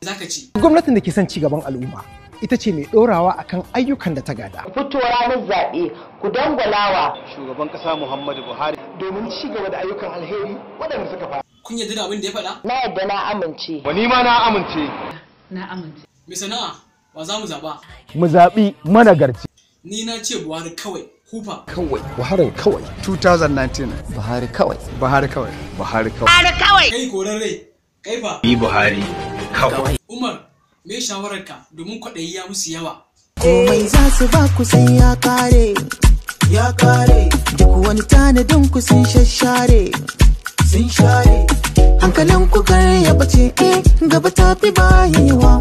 zaka ci gwamnatin da ke son cigaban al'umma ita ce mai ɗorawa akan ayyukan da ta gada. Fito ranar zaɓe ku dangwalawa. Shugaban ƙasa Muhammadu Buhari. Domin ci gaba da ayyukan alheri waɗanda suka fara. Kun yi da abin da ya faɗa? Na yadda na amince. Wani ma na amince. Na amince. Mai sana'a ba za mu zaɓa. Mu zaɓi managarci. Ni na ce Buhari kawai. Kufa. Kawai. Buhari kawai. 2019. Buhari kawai. Buhari kawai. Buhari kawai. Buhari kawai. Kai korarre. Kai fa. Ni Buhari. kawai umar me shawararka domin kwaɗayi ya musu yawa komai za su ba ku sai ya kare ya kare duk wani tanadin ku sun shashare sun share hankalin ku kar ya bace eh gaba ta fi bayewa